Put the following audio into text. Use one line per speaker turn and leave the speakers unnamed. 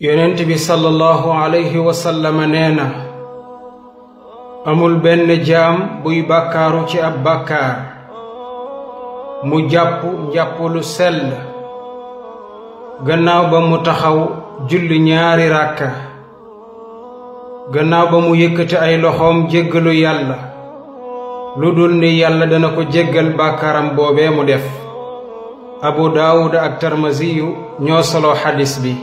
yonent bi sallallahu alayhi wa nee na amul benn jaam buy bakkaaru ci ab bàkkaar mu jàpp njàpp lu sell gannaaw ba mu taxaw julli ñaari ràkka gannaaw ba mu yëkkati ay loxoom jéggalu yàlla lu dul ni yàlla dana ko jéggal bàkkaaram boobee mu def abu daawuda ak tarmasiyu ñoo solo xadis bi